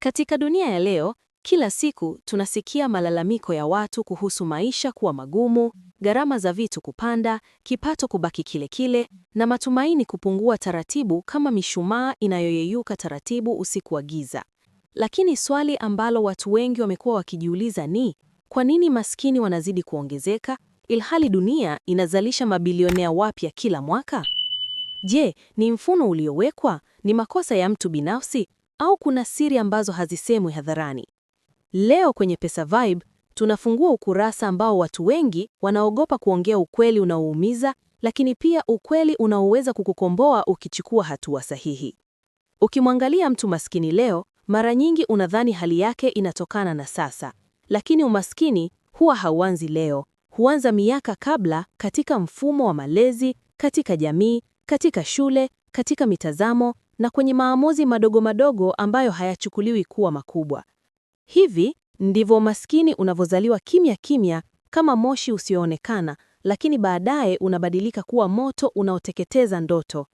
Katika dunia ya leo, kila siku tunasikia malalamiko ya watu kuhusu maisha kuwa magumu, gharama za vitu kupanda, kipato kubaki kile kile, na matumaini kupungua taratibu kama mishumaa inayoyeyuka taratibu usiku wa giza. Lakini swali ambalo watu wengi wamekuwa wakijiuliza ni kwa nini maskini wanazidi kuongezeka ilhali dunia inazalisha mabilionea wapya kila mwaka? Je, ni mfumo uliowekwa? Ni makosa ya mtu binafsi au kuna siri ambazo hazisemwi hadharani? Leo kwenye Pesa Vibe tunafungua ukurasa ambao watu wengi wanaogopa kuongea ukweli unaoumiza, lakini pia ukweli unaoweza kukukomboa ukichukua hatua sahihi. Ukimwangalia mtu maskini leo, mara nyingi unadhani hali yake inatokana na sasa, lakini umaskini huwa hauanzi leo, huanza miaka kabla, katika mfumo wa malezi, katika jamii, katika shule, katika mitazamo, na kwenye maamuzi madogo madogo ambayo hayachukuliwi kuwa makubwa. Hivi ndivyo umaskini unavyozaliwa kimya kimya, kama moshi usioonekana, lakini baadaye unabadilika kuwa moto unaoteketeza ndoto.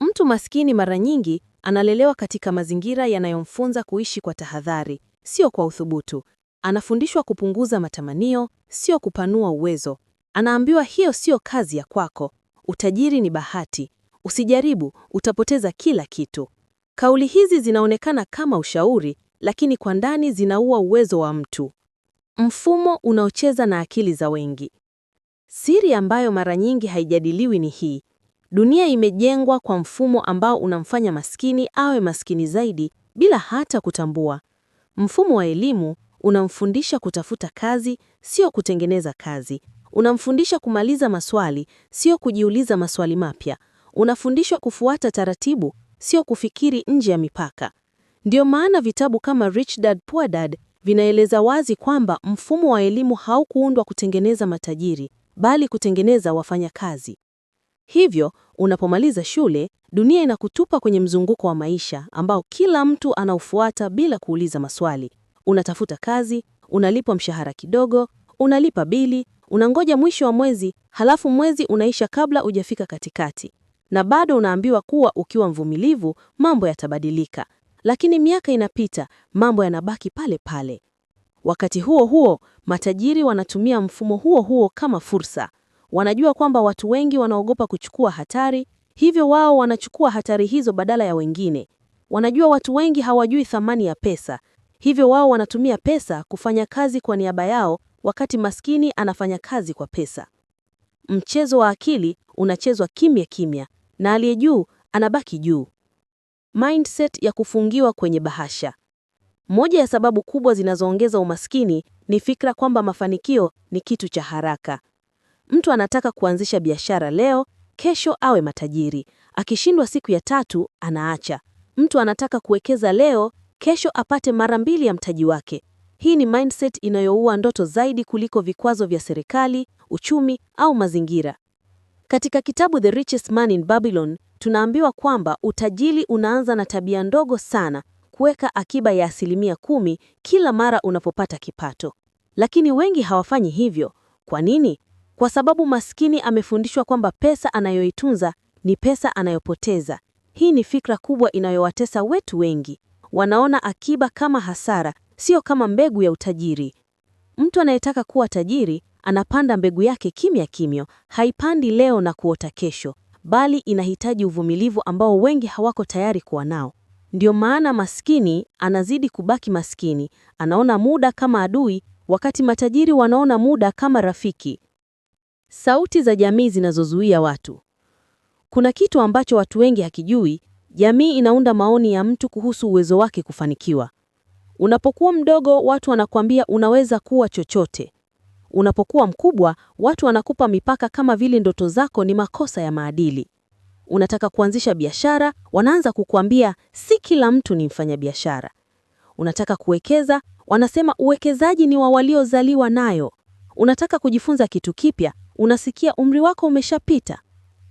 Mtu maskini mara nyingi analelewa katika mazingira yanayomfunza kuishi kwa tahadhari, sio kwa uthubutu. Anafundishwa kupunguza matamanio, sio kupanua uwezo. Anaambiwa hiyo sio kazi ya kwako, utajiri ni bahati. Usijaribu, utapoteza kila kitu. Kauli hizi zinaonekana kama ushauri, lakini kwa ndani zinaua uwezo wa mtu. Mfumo unaocheza na akili za wengi. Siri ambayo mara nyingi haijadiliwi ni hii: dunia imejengwa kwa mfumo ambao unamfanya maskini awe maskini zaidi bila hata kutambua. Mfumo wa elimu unamfundisha kutafuta kazi, sio kutengeneza kazi. Unamfundisha kumaliza maswali, sio kujiuliza maswali mapya unafundishwa kufuata taratibu, sio kufikiri nje ya mipaka. Ndiyo maana vitabu kama Rich Dad Poor Dad vinaeleza wazi kwamba mfumo wa elimu haukuundwa kutengeneza matajiri, bali kutengeneza wafanyakazi. Hivyo, unapomaliza shule, dunia inakutupa kwenye mzunguko wa maisha ambao kila mtu anaufuata bila kuuliza maswali. Unatafuta kazi, unalipwa mshahara kidogo, unalipa bili, unangoja mwisho wa mwezi, halafu mwezi unaisha kabla hujafika katikati na bado unaambiwa kuwa ukiwa mvumilivu mambo yatabadilika, lakini miaka inapita, mambo yanabaki pale pale. Wakati huo huo, matajiri wanatumia mfumo huo huo kama fursa. Wanajua kwamba watu wengi wanaogopa kuchukua hatari, hivyo wao wanachukua hatari hizo badala ya wengine. Wanajua watu wengi hawajui thamani ya pesa, hivyo wao wanatumia pesa kufanya kazi kwa niaba yao, wakati maskini anafanya kazi kwa pesa. Mchezo wa akili unachezwa kimya kimya na aliye juu anabaki juu. Mindset ya kufungiwa kwenye bahasha. Moja ya sababu kubwa zinazoongeza umaskini ni fikra kwamba mafanikio ni kitu cha haraka. Mtu anataka kuanzisha biashara leo, kesho awe matajiri. Akishindwa siku ya tatu, anaacha. Mtu anataka kuwekeza leo, kesho apate mara mbili ya mtaji wake. Hii ni mindset inayoua ndoto zaidi kuliko vikwazo vya serikali, uchumi au mazingira. Katika kitabu The Richest Man in Babylon, tunaambiwa kwamba utajiri unaanza na tabia ndogo sana, kuweka akiba ya asilimia kumi kila mara unapopata kipato. Lakini wengi hawafanyi hivyo. Kwa nini? Kwa sababu maskini amefundishwa kwamba pesa anayoitunza ni pesa anayopoteza. Hii ni fikra kubwa inayowatesa wetu wengi. Wanaona akiba kama hasara sio kama mbegu ya utajiri. Mtu anayetaka kuwa tajiri anapanda mbegu yake kimya kimya, haipandi leo na kuota kesho, bali inahitaji uvumilivu ambao wengi hawako tayari kuwa nao. Ndio maana maskini anazidi kubaki maskini, anaona muda kama adui, wakati matajiri wanaona muda kama rafiki. Sauti za jamii zinazozuia watu. Kuna kitu ambacho watu wengi hakijui: jamii inaunda maoni ya mtu kuhusu uwezo wake kufanikiwa. Unapokuwa mdogo, watu wanakuambia unaweza kuwa chochote. Unapokuwa mkubwa, watu wanakupa mipaka kama vile ndoto zako ni makosa ya maadili. Unataka kuanzisha biashara, wanaanza kukuambia si kila mtu ni mfanyabiashara. Unataka kuwekeza, wanasema uwekezaji ni wa waliozaliwa nayo. Unataka kujifunza kitu kipya, unasikia umri wako umeshapita.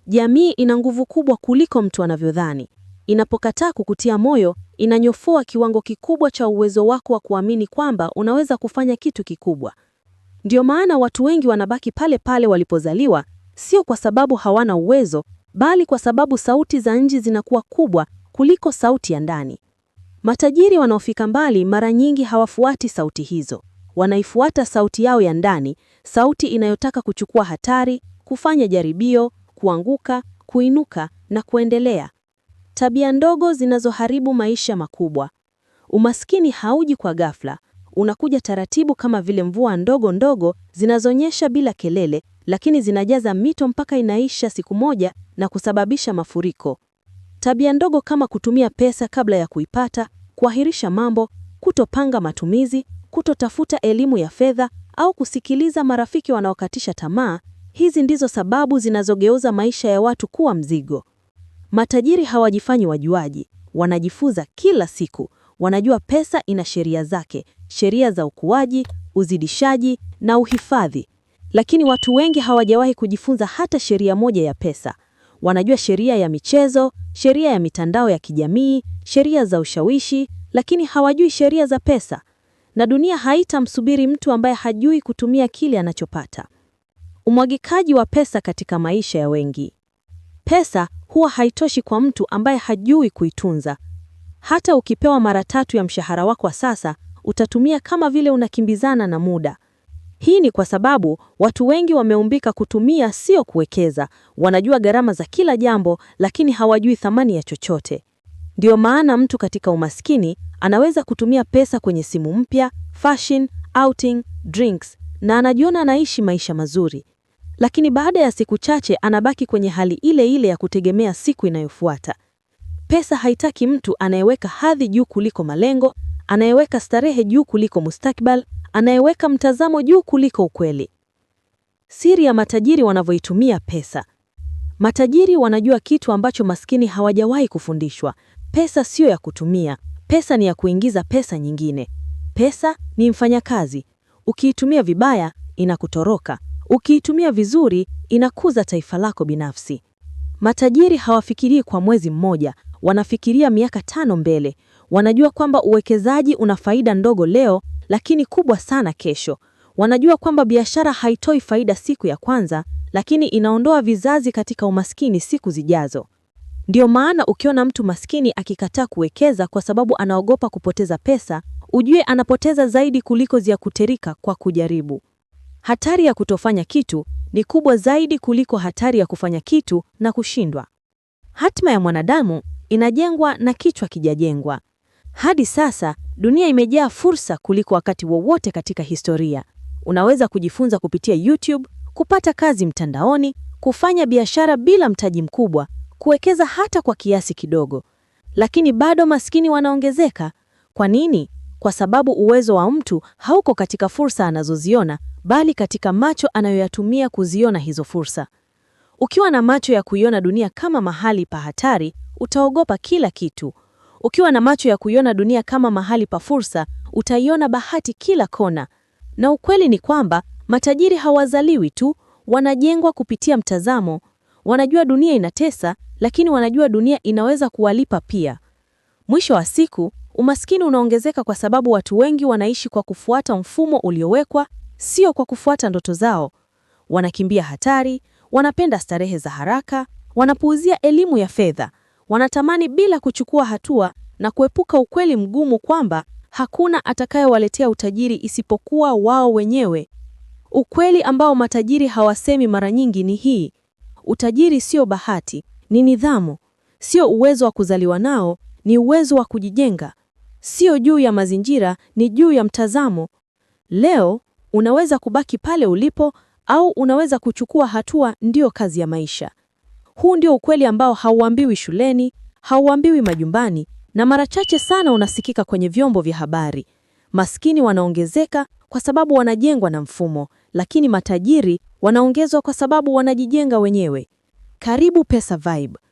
Jamii ina nguvu kubwa kuliko mtu anavyodhani. Inapokataa kukutia moyo, inanyofoa kiwango kikubwa cha uwezo wako wa kuamini kwamba unaweza kufanya kitu kikubwa. Ndio maana watu wengi wanabaki pale pale walipozaliwa, sio kwa sababu hawana uwezo, bali kwa sababu sauti za nje zinakuwa kubwa kuliko sauti ya ndani. Matajiri wanaofika mbali mara nyingi hawafuati sauti hizo, wanaifuata sauti yao ya ndani, sauti inayotaka kuchukua hatari, kufanya jaribio, kuanguka, kuinuka na kuendelea. Tabia ndogo zinazoharibu maisha makubwa. Umaskini hauji kwa ghafla, unakuja taratibu, kama vile mvua ndogo ndogo zinazonyesha bila kelele, lakini zinajaza mito mpaka inaisha siku moja na kusababisha mafuriko. Tabia ndogo kama kutumia pesa kabla ya kuipata, kuahirisha mambo, kutopanga matumizi, kutotafuta elimu ya fedha au kusikiliza marafiki wanaokatisha tamaa. Hizi ndizo sababu zinazogeuza maisha ya watu kuwa mzigo. Matajiri hawajifanyi wajuaji, wanajifunza kila siku. Wanajua pesa ina sheria zake, sheria za ukuaji, uzidishaji na uhifadhi. Lakini watu wengi hawajawahi kujifunza hata sheria moja ya pesa. Wanajua sheria ya michezo, sheria ya mitandao ya kijamii, sheria za ushawishi, lakini hawajui sheria za pesa. Na dunia haitamsubiri mtu ambaye hajui kutumia kile anachopata. Umwagikaji wa pesa katika maisha ya wengi. Pesa huwa haitoshi kwa mtu ambaye hajui kuitunza. Hata ukipewa mara tatu ya mshahara wako wa sasa, utatumia kama vile unakimbizana na muda. Hii ni kwa sababu watu wengi wameumbika kutumia, sio kuwekeza. Wanajua gharama za kila jambo, lakini hawajui thamani ya chochote. ndio maana mtu katika umaskini anaweza kutumia pesa kwenye simu mpya, fashion, outing, drinks na anajiona anaishi maisha mazuri lakini baada ya siku chache anabaki kwenye hali ile ile ya kutegemea siku inayofuata. Pesa haitaki mtu anayeweka hadhi juu kuliko malengo, anayeweka starehe juu kuliko mustakbal, anayeweka mtazamo juu kuliko ukweli. Siri ya matajiri wanavyoitumia pesa. Matajiri wanajua kitu ambacho maskini hawajawahi kufundishwa. Pesa siyo ya kutumia, pesa ni ya kuingiza pesa nyingine. Pesa ni mfanyakazi, ukiitumia vibaya inakutoroka. Ukiitumia vizuri, inakuza taifa lako binafsi. Matajiri hawafikirii kwa mwezi mmoja, wanafikiria miaka tano mbele. Wanajua kwamba uwekezaji una faida ndogo leo, lakini kubwa sana kesho. Wanajua kwamba biashara haitoi faida siku ya kwanza, lakini inaondoa vizazi katika umaskini siku zijazo. Ndio maana ukiona mtu maskini akikataa kuwekeza kwa sababu anaogopa kupoteza pesa, ujue anapoteza zaidi kuliko zia kuterika kwa kujaribu hatari ya kutofanya kitu ni kubwa zaidi kuliko hatari ya kufanya kitu na kushindwa. Hatima ya mwanadamu inajengwa na kichwa kijajengwa. Hadi sasa dunia imejaa fursa kuliko wakati wowote katika historia. Unaweza kujifunza kupitia YouTube, kupata kazi mtandaoni, kufanya biashara bila mtaji mkubwa, kuwekeza hata kwa kiasi kidogo. Lakini bado maskini wanaongezeka. Kwa nini? Kwa sababu uwezo wa mtu hauko katika fursa anazoziona bali katika macho anayoyatumia kuziona hizo fursa. Ukiwa na macho ya kuiona dunia kama mahali pa hatari, utaogopa kila kitu. Ukiwa na macho ya kuiona dunia kama mahali pa fursa, utaiona bahati kila kona. Na ukweli ni kwamba matajiri hawazaliwi tu, wanajengwa kupitia mtazamo. Wanajua dunia inatesa, lakini wanajua dunia inaweza kuwalipa pia. Mwisho wa siku, umaskini unaongezeka kwa sababu watu wengi wanaishi kwa kufuata mfumo uliowekwa sio kwa kufuata ndoto zao. Wanakimbia hatari, wanapenda starehe za haraka, wanapuuzia elimu ya fedha, wanatamani bila kuchukua hatua na kuepuka ukweli mgumu kwamba hakuna atakayewaletea utajiri isipokuwa wao wenyewe. Ukweli ambao matajiri hawasemi mara nyingi ni hii: utajiri sio bahati, ni nidhamu. Sio uwezo wa kuzaliwa nao, ni uwezo wa kujijenga. Sio juu ya mazingira, ni juu ya mtazamo. Leo Unaweza kubaki pale ulipo au unaweza kuchukua hatua, ndiyo kazi ya maisha. Huu ndio ukweli ambao hauambiwi shuleni, hauambiwi majumbani, na mara chache sana unasikika kwenye vyombo vya habari. Maskini wanaongezeka kwa sababu wanajengwa na mfumo, lakini matajiri wanaongezwa kwa sababu wanajijenga wenyewe. Karibu Pesa Vibe,